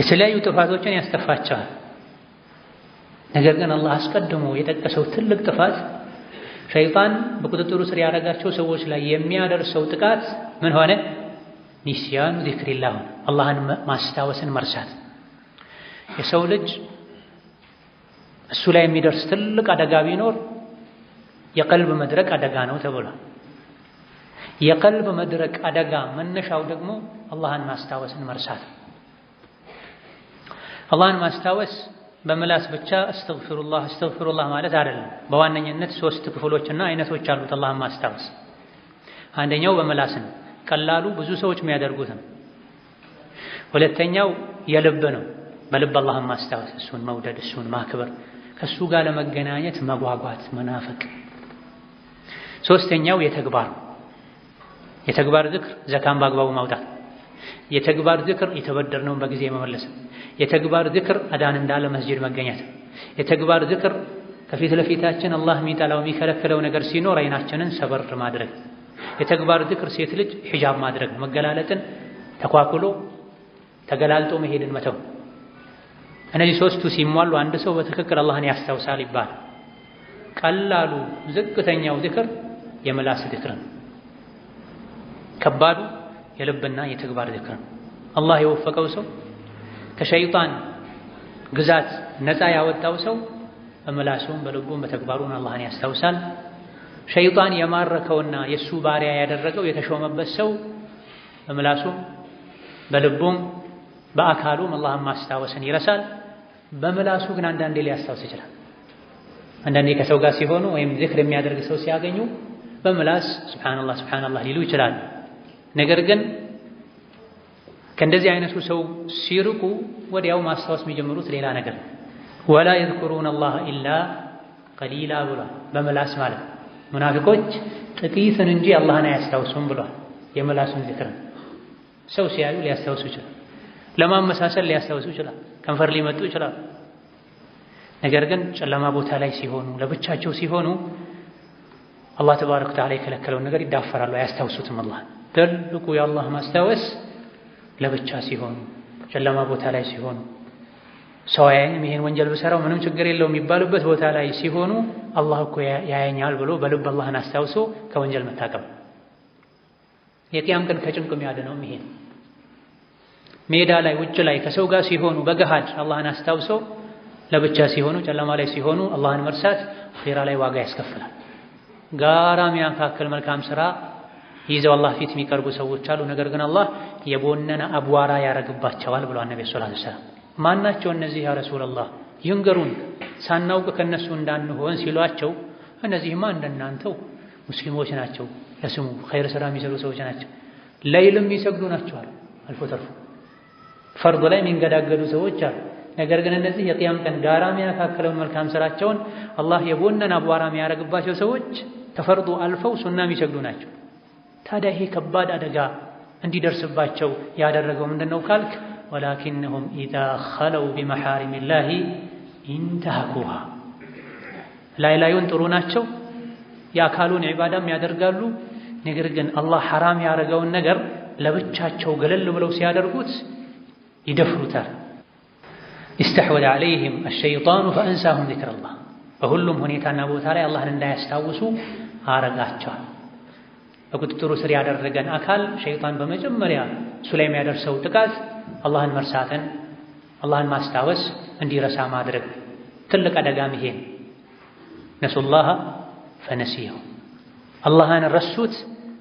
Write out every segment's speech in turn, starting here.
የተለያዩ ጥፋቶችን ያስከፋቸዋል። ነገር ግን አላህ አስቀድሞ የጠቀሰው ትልቅ ጥፋት ሸይጣን በቁጥጥሩ ስር ያደረጋቸው ሰዎች ላይ የሚያደርሰው ጥቃት ምን ሆነ? ኒስያኑ ዚክሪላህ አላህን ማስታወስን መርሳት። የሰው ልጅ እሱ ላይ የሚደርስ ትልቅ አደጋ ቢኖር የቀልብ መድረቅ አደጋ ነው ተብሏል። የቀልብ መድረቅ አደጋ መነሻው ደግሞ አላህን ማስታወስን መርሳት አላህን ማስታወስ በምላስ ብቻ እስተግፊሩላህ እስተግፊሩላህ ማለት አይደለም። በዋነኝነት ሶስት ክፍሎችና አይነቶች አሉት አላህን ማስታወስ። አንደኛው በምላስ ነው፣ ቀላሉ ብዙ ሰዎች የሚያደርጉት ነው። ሁለተኛው የልብ ነው፣ በልብ አላህን ማስታወስ፣ እሱን መውደድ፣ እሱን ማክበር፣ ከእሱ ጋር ለመገናኘት መጓጓት፣ መናፈቅ። ሶስተኛው የተግባር የተግባር ዝክር፣ ዘካን በአግባቡ ማውጣት የተግባር ዝክር የተበደርነውን በጊዜ መመለስ፣ የተግባር ዝክር አዳን እንዳለ መስጂድ መገኘት፣ የተግባር ዝክር ከፊት ለፊታችን አላህ የሚጠላው የሚከለክለው ነገር ሲኖር አይናችንን ሰበር ማድረግ፣ የተግባር ዝክር ሴት ልጅ ሒጃብ ማድረግ፣ መገላለጥን ተኳኩሎ ተገላልጦ መሄድን መተው። እነዚህ ሶስቱ ሲሟሉ አንድ ሰው በትክክል አላህን ያስታውሳል ይባል። ቀላሉ ዝቅተኛው ዝክር የምላስ ዝክር ነው። ከባዱ የልብና የተግባር ዝክር ነው። አላህ የወፈቀው ሰው ከሸይጣን ግዛት ነፃ ያወጣው ሰው በምላሱም በልቡም በተግባሩን አላህን ያስታውሳል። ሸይጣን የማረከውና የእሱ ባሪያ ያደረገው የተሾመበት ሰው በምላሱም በልቡም በአካሉም አላህን ማስታወስን ይረሳል። በምላሱ ግን አንዳንዴ ሊያስታውስ ይችላል። አንዳንዴ ከሰው ጋር ሲሆኑ ወይም ዝክር የሚያደርግ ሰው ሲያገኙ በምላስ ሱብሓነላህ ሱብሓነላህ ሊሉ ይችላሉ። ነገር ግን ከእንደዚህ አይነቱ ሰው ሲርቁ ወዲያው ማስታወስ የሚጀምሩት ሌላ ነገር ወላ የዝኩሩን አላህ ኢላ ቀሊላ ብሏል። በምላስ ማለት ሙናፊቆች ጥቂትን እንጂ አላህን አያስታውሱም ብሏል። የምላሱን ዝክር ሰው ሲያዩ ሊያስታውሱ ይችላል። ለማመሳሰል ሊያስታውሱ ይችላል። ከንፈር ሊመጡ ይችላል። ነገር ግን ጨለማ ቦታ ላይ ሲሆኑ፣ ለብቻቸው ሲሆኑ አላህ ተባረከ ወተዓላ የከለከለውን ነገር ይዳፈራሉ፣ አያስታውሱትም አላህን ትልቁ የአላህ ማስታወስ ለብቻ ሲሆን ጨለማ ቦታ ላይ ሲሆኑ ሰውያይንም ይሄን ወንጀል ብሰራው ምንም ችግር የለው የሚባሉበት ቦታ ላይ ሲሆኑ አላህ እኮ ያያኛል ብሎ በልብ አላህን አስታውሶ ከወንጀል መታቀብ የቅያም ቀን ከጭንቅ የሚያድነውም ይሄን ሜዳ ላይ ውጭ ላይ ከሰው ጋር ሲሆኑ በገሃድ አላህን አስታውሶ ለብቻ ሲሆኑ ጨለማ ላይ ሲሆኑ አላህን መርሳት አኺራ ላይ ዋጋ ያስከፍላል። ጋራ የሚያካክል መልካም ስራ ይዘው አላህ ፊት የሚቀርቡ ሰዎች አሉ፣ ነገር ግን አላህ የቦነነ አቧራ ያረግባቸዋል ብሏል ነቢ ሰለላሁ ዐለይሂ ወሰለም። ማናቸው እነዚህ ያ ረሱላላህ ይንገሩን፣ ሳናውቅ ከነሱ እንዳንሆን ሲሏቸው፣ እነዚህማ እንደናንተው ሙስሊሞች ናቸው፣ ለስሙ ኸይር ስራ የሚሰሩ ሰዎች ናቸው፣ ለይልም የሚሰግዱ ናቸዋል። አልፎ ተርፎ ፈርድ ላይ የሚንገዳገዱ ሰዎች አሉ። ነገር ግን እነዚህ የቅያም ቀን ጋራ የሚያካክለውን መልካም ስራቸውን አላህ የቦነን አቧራ የሚያረግባቸው ሰዎች ተፈርዱ አልፈው ሱና የሚሰግዱ ናቸው። ታዲያ ይሄ ከባድ አደጋ እንዲደርስባቸው ያደረገው ምንድን ነው ካልክ፣ ወላኪነሁም ኢዛ ኸለው ቢመሓሪሚላሂ ኢንተሃኩሃ ላይ ላዩን ጥሩ ናቸው፣ የአካሉን ዒባዳም ያደርጋሉ። ነገር ግን አላህ ሐራም ያደረገውን ነገር ለብቻቸው ገለል ብለው ሲያደርጉት ይደፍሩታል። ኢስተሕወደ ዓለይህም አሸይጣኑ ፈአንሳሁም ዚክረላህ በሁሉም ሁኔታና ቦታ ላይ አላህን እንዳያስታውሱ አረጋቸዋል። በቁጥጥሩ ስር ያደረገን አካል ሸይጣን በመጀመሪያ እሱ ላይ የሚያደርሰው ጥቃት አላህን መርሳትን፣ አላህን ማስታወስ እንዲረሳ ማድረግ ትልቅ አደጋም ይሄ ነሱላህ ፈነሲሁ አላህን ረሱት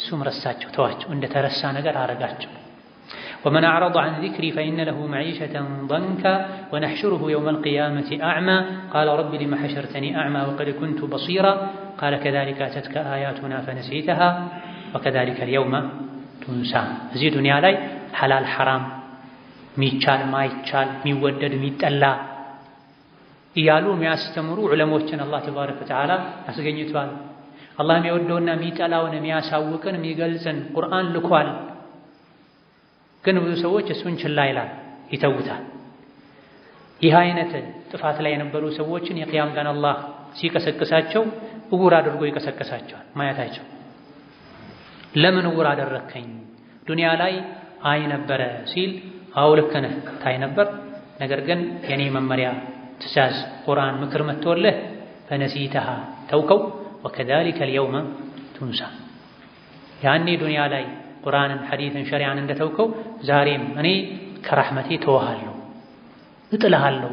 እሱም ረሳቸው ተዋቸው እንደ ተረሳ ነገር አረጋቸው። ወመን አዕረض ዐን ዚክሪ ፈኢነ ለሁ መዒሸተን ደንካ ወነሕሽሩሁ የውመ አልቂያመቲ አዕማ ቃለ ረቢ ሊመ ሐሸርተኒ አዕማ ወቀድ ኩንቱ በሲራ ቃለ ከዛሊከ አተትከ አያቱና ፈነሲተሃ ወከዛሊከ ልየውመ ቱንሳ እዚህ ዱንያ ላይ ሐላል ሐራም ሚቻል ማይቻል ሚወደድ ሚጠላ እያሉ የሚያስተምሩ ዑለሞችን አላህ ተባረከ ወተዓላ ያስገኝቷል። አላህ የሚወደውና የሚጠላውን የሚያሳውቅን የሚገልጽን ቁርአን ልኳል። ግን ብዙ ሰዎች እሱን ችላ ይላል፣ ይተውታል። ይህ አይነት ጥፋት ላይ የነበሩ ሰዎችን የቅያም ቀን አላህ ሲቀሰቅሳቸው እውር አድርጎ ይቀሰቅሳቸዋል ማየታቸው ለምን እውር አደረከኝ? ዱንያ ላይ አይ ነበረ ሲል አዎ ልክ ነህ ታይ ነበር፣ ነገር ግን የኔ መመሪያ ትእዛዝ፣ ቁርአን፣ ምክር መጥቶልህ ፈነሲተሃ ተውከው። ወከዛሊከ ልየውመ ቱንሳ። ያኔ ዱንያ ላይ ቁርአንን፣ ሐዲትን፣ ሸሪዓን እንደተውከው ዛሬም እኔ ከራሕመቴ ተወሃለሁ እጥልሃለሁ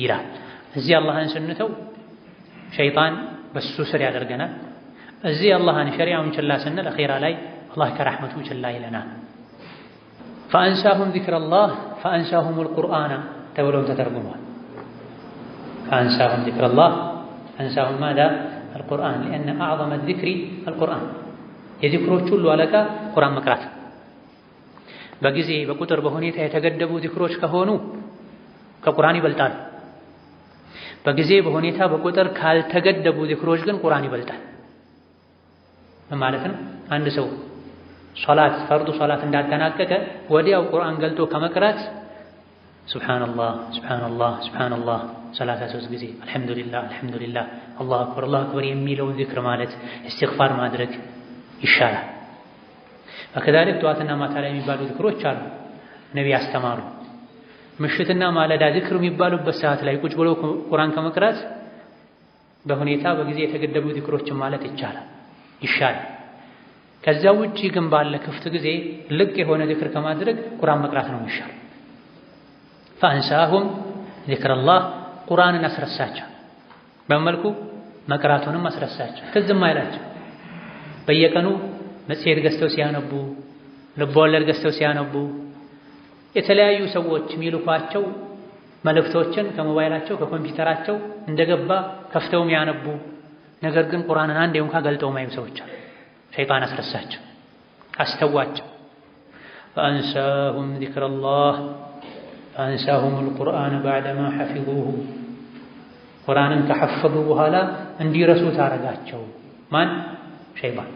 ይላል። እዚህ አላህን ስንተው ሸይጣን በሱ ስር ያደርገናል። እዚህ አላህን ሸሪያውን ችላ ስንል አኼራ ላይ አላህ ከራሕመቱ ችላ ይለናል። ፈአንሳሁም ዚክረ ላህ ፈአንሳሁም ልቁርአና ተብሎም ተተርጉሟል። ፈአንሳሁም ዚክረ ላህ አንሳሁም ማዳ አልቁርአን ሊአነ አዕظመ ዚክሪ አልቁርአን የዚክሮች ሁሉ አለቃ ቁርአን መቅራት። በጊዜ በቁጥር በሁኔታ የተገደቡ ዚክሮች ከሆኑ ከቁርአን ይበልጣሉ። በጊዜ በሁኔታ በቁጥር ካልተገደቡ ዚክሮች ግን ቁርአን ይበልጣል። ነው አንድ ሰው ሶላት ፈርዱ ሶላት እንዳጠናቀቀ ወዲያው ቁርአን ገልጦ ከመቅራት ሱብሓነላህ ሱብሓነላህ ሱብሓነላህ ሰላሳ ሦስት ጊዜ አልሐምዱሊላህ አልሐምዱሊላህ አላሁ አክበር አላሁ አክበር የሚለውን ዝክር ማለት እስትግፋር ማድረግ ይሻላል። ከዛሊክ ጠዋትና ማታ ላይ የሚባሉ ዝክሮች አሉ። ነቢይ አስተማሩ። ምሽትና ማለዳ ዝክር የሚባሉበት ሰዓት ላይ ቁጭ ብሎ ቁርአን ከመቅራት በሁኔታ በጊዜ የተገደቡ ዝክሮችን ማለት ይቻላል። ይሻል። ከዛ ውጪ ግን ባለ ክፍት ጊዜ ልቅ የሆነ ዝክር ከማድረግ ቁርአን መቅራት ነው ይሻል። ፈአንሳሁም ዚክረላህ ቁርአንን አስረሳቸው። በመልኩ መቅራቱንም አስረሳቸው፣ ትዝም አይላቸው። በየቀኑ መጽሔት ገዝተው ሲያነቡ፣ ልቦወለድ ገዝተው ሲያነቡ፣ የተለያዩ ሰዎች የሚልኳቸው መልእክቶችን ከሞባይላቸው ከኮምፒውተራቸው እንደገባ ከፍተውም ያነቡ ነገር ግን ቁርአንን አንዴ እንኳ ገልጠው ማይም ሰዎች አሉ። ሸይጣን አስረሳቸው፣ አስተዋቸው። ፈአንሳሁም ዚክረላህ ፈአንሳሁም አልቁርአን ባዕደማ ሐፊዙሁ ቁርአንን ከሐፈዙ በኋላ እንዲረሱት አረጋቸው። ማን? ሸይጣን።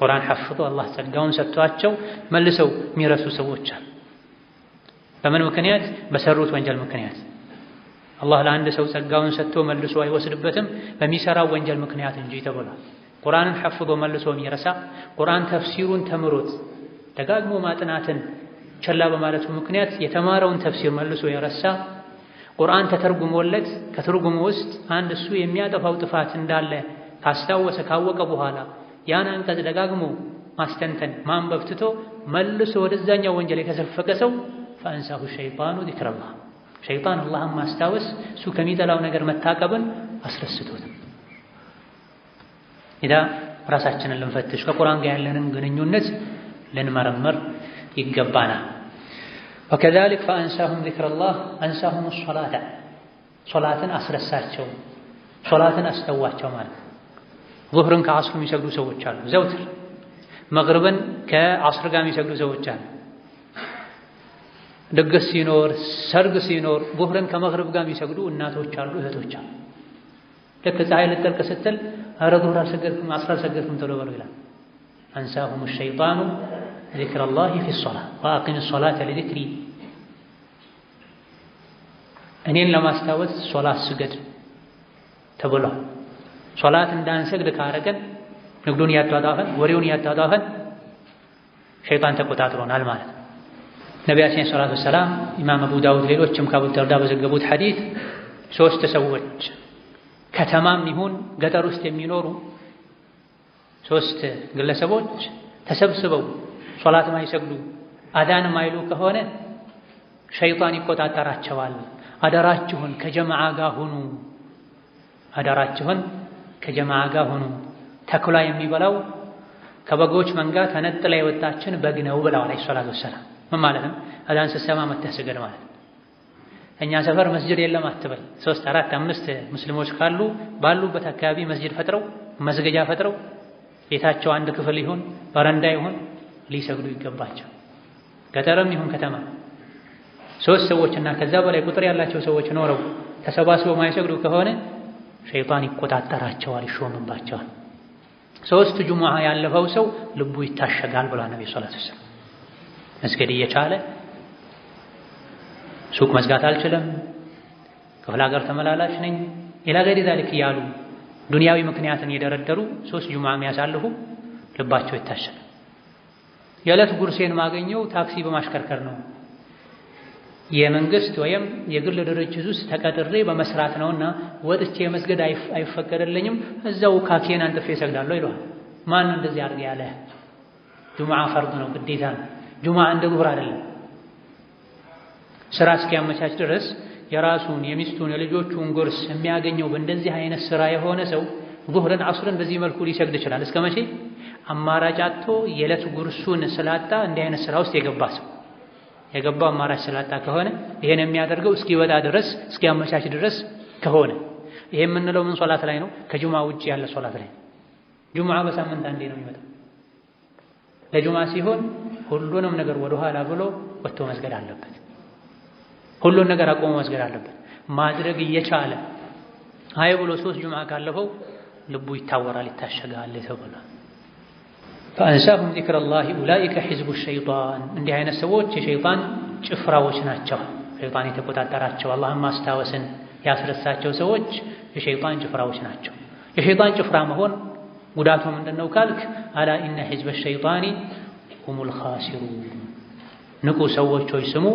ቁርአን ሐፍዘው አላህ ጸጋውን ሰጥቷቸው መልሰው የሚረሱ ሰዎች አሉ። በምን ምክንያት? በሰሩት ወንጀል ምክንያት። አላህ ለአንድ ሰው ጸጋውን ሰጥቶ መልሶ አይወስድበትም። በሚሰራው ወንጀል ምክንያት እንጂ ተብሏል። ቁርአንን ሐፍዞ መልሶ የሚረሳ ቁርአን ተፍሲሩን ተምሮት ደጋግሞ ማጥናትን ቸላ በማለቱ ምክንያት የተማረውን ተፍሲር መልሶ የረሳ ቁርአን ተተርጉሞለት ከትርጉሙ ውስጥ አንድ እሱ የሚያጠፋው ጥፋት እንዳለ ካስታወሰ ካወቀ በኋላ ያን አንቀጽ ደጋግሞ ማስተንተን ማንበብ ትቶ መልሶ ወደዛኛው ወንጀል የተዘፈቀ ሰው ፈአንሳሁ ሸይጣኑ ዚክረላህ ሸይጣን አላህን ማስታወስ እሱ ከሚጠላው ነገር መታቀብን አስረስቶት ሄዳ ራሳችንን ልንፈትሽ ከቁርአን ጋር ያለንን ግንኙነት ልንመረምር ይገባናል። ወከዛሊክ ፈአንሳሁም ዚክረላህ አንሳሁም ሶላታ ሶላትን አስረሳቸው ሶላትን አስተዋቸው ማለት ዙህርን ከአስር የሚሰግዱ ሰዎች አሉ ዘውትር መግሪብን ከአስር ጋር የሚሰግዱ ሰዎች አሉ ድግስ ሲኖር ሰርግ ሲኖር ዙህርን ከመግሪብ ጋር የሚሰግዱ እናቶች አሉ እህቶች አሉ ልክ ፀሐይ ልጠልቅ ስትል ኧረ ዙህር አልሰገድኩም አስር አልሰገድኩም ቶሎ በሉ ይላል። አንሳሁም ሸይጣኑ ዚክረላሂ ፊ ሶላ ወአቂም ሶላተ ሊዚክሪ እኔን ለማስታወስ ሶላት ስገድ ተብሏል። ሶላት እንዳንሰግድ ካረገን ንግዱን እያጧጧፈን ወሬውን እያጧጧፈን ሸይጣን ተቆጣጥሮናል ማለት ነው። ነቢያችን ሰላቱ ወሰላም ኢማም አቡ ዳውድ ሌሎችም ከአቡ ደርዳ በዘገቡት ሐዲት ሶስት ሰዎች ከተማም ይሁን ገጠር ውስጥ የሚኖሩ ሶስት ግለሰቦች ተሰብስበው ሶላት ማይሰግዱ አዳን ማይሉ ከሆነ ሸይጣን ይቆጣጠራቸዋል። አደራችሁን ከጀማዓ ጋር ሁኑ፣ አደራችሁን ከጀማዓ ጋር ሁኑ፣ ተኩላ የሚበላው ከበጎች መንጋ ተነጥላ የወጣችን በግ ነው ብለዋል። አለይሂ ሰላቱ ወሰላም። ምን ማለት ነው? አዳን ስትሰማ መተህ ስገድ ማለት ነው። እኛ ሰፈር መስጅድ የለም አትበል። ሶስት አራት አምስት ሙስሊሞች ካሉ ባሉበት አካባቢ መስጅድ ፈጥረው መስገጃ ፈጥረው ቤታቸው አንድ ክፍል ይሁን በረንዳ ይሁን ሊሰግዱ ይገባቸው። ገጠርም ይሁን ከተማ ሶስት ሰዎችና ከዛ በላይ ቁጥር ያላቸው ሰዎች ኖረው ተሰባስበው ማይሰግዱ ከሆነ ሸይጣን ይቆጣጠራቸዋል፣ ይሾምባቸዋል። ሶስት ጁሙዓ ያለፈው ሰው ልቡ ይታሸጋል ብሏል ነብዩ ሰለላሁ ዐለይሂ ወሰለም መስገድ እየቻለ ሱቅ መዝጋት አልችልም፣ ክፍለ ሀገር ተመላላሽ ነኝ፣ ኢላ ገይሪ ዛሊክ እያሉ ዱንያዊ ምክንያትን የደረደሩ ሶስት ጁማ የሚያሳልፉ ልባቸው ይታሸል። የዕለት ጉርሴን ማገኘው ታክሲ በማሽከርከር ነው፣ የመንግስት ወይም የግል ድርጅት ውስጥ ተቀጥሬ በመስራት ነውና ወጥቼ መስገድ አይፈቀደልኝም፣ እዛው ካኬን አንጥፌ እሰግዳለሁ ይለዋል። ማን እንደዚህ አድርገ ያለ? ጁማ ፈርድ ነው፣ ግዴታ ነው። ጁማ እንደ ዙህር አይደለም። ስራ እስኪያመቻች ድረስ የራሱን የሚስቱን የልጆቹን ጉርስ የሚያገኘው በእንደዚህ አይነት ስራ የሆነ ሰው ዙህርን አስርን በዚህ መልኩ ሊሰግድ ይችላል። እስከ መቼ? አማራጭ አጥቶ የዕለት ጉርሱን ስላጣ እንዲህ አይነት ስራ ውስጥ የገባ ሰው የገባው አማራጭ ስላጣ ከሆነ ይሄን የሚያደርገው እስኪወጣ ድረስ እስኪያመቻች ድረስ ከሆነ ይሄ የምንለው ምን ሶላት ላይ ነው? ከጁማ ውጭ ያለ ሶላት ላይ። ጁማ በሳምንት አንዴ ነው የሚመጣው። ለጁማ ሲሆን ሁሉንም ነገር ወደኋላ ብሎ ወጥቶ መስገድ አለበት። ሁሉን ነገር አቆሞ መስገድ አለበት። ማድረግ እየቻለ አይ ብሎ ሶስት ጁምዓ ካለፈው ልቡ ይታወራል፣ ይታሸጋል ተብሏል። ፈአንሳሁም ዚክረላሂ ኡላኢከ ሒዝቡ ሸይጣን፣ እንዲህ አይነት ሰዎች የሸይጣን ጭፍራዎች ናቸው። ሸይጣን የተቆጣጠራቸው አላህን ማስታወስን ያስረሳቸው ሰዎች የሸይጣን ጭፍራዎች ናቸው። የሸይጣን ጭፍራ መሆን ጉዳቱ ምንድነው ካልክ፣ አላ ኢነ ሒዝበ ሸይጣኒ ሁሙል ኻሲሩን፣ ንቁ ሰዎች ሆይ ስሙ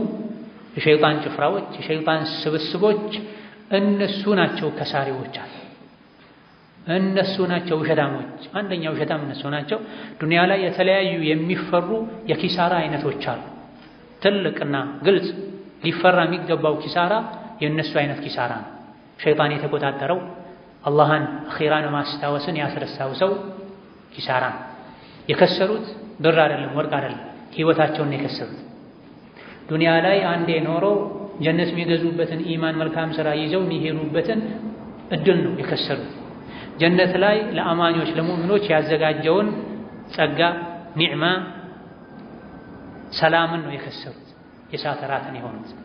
የሸይጣን ጭፍራዎች፣ የሸይጣን ስብስቦች እነሱ ናቸው ከሳሪዎች አለ። እነሱ ናቸው ውሸታሞች። አንደኛው ውሸታም እነሱ ናቸው። ዱንያ ላይ የተለያዩ የሚፈሩ የኪሳራ አይነቶች አሉ። ትልቅና ግልጽ ሊፈራ የሚገባው ኪሳራ የእነሱ አይነት ኪሳራ ነው። ሸይጣን የተቆጣጠረው አላህን አኺራን ማስታወስን ያስረሳው ሰው ኪሳራ ነው። የከሰሩት ብር አይደለም፣ ወርቅ አይደለም፣ ህይወታቸውን ነው የከሰሩት። ዱንያ ላይ አንዴ ኖሮ ጀነት የሚገዙበትን ኢማን መልካም ስራ ይዘው የሚሄዱበትን እድል ነው የከሰሩ። ጀነት ላይ ለአማኞች ለሙእምኖች ያዘጋጀውን ጸጋ፣ ኒዕማ፣ ሰላምን ነው የከሰሩት። የሳተራትን የሆኑት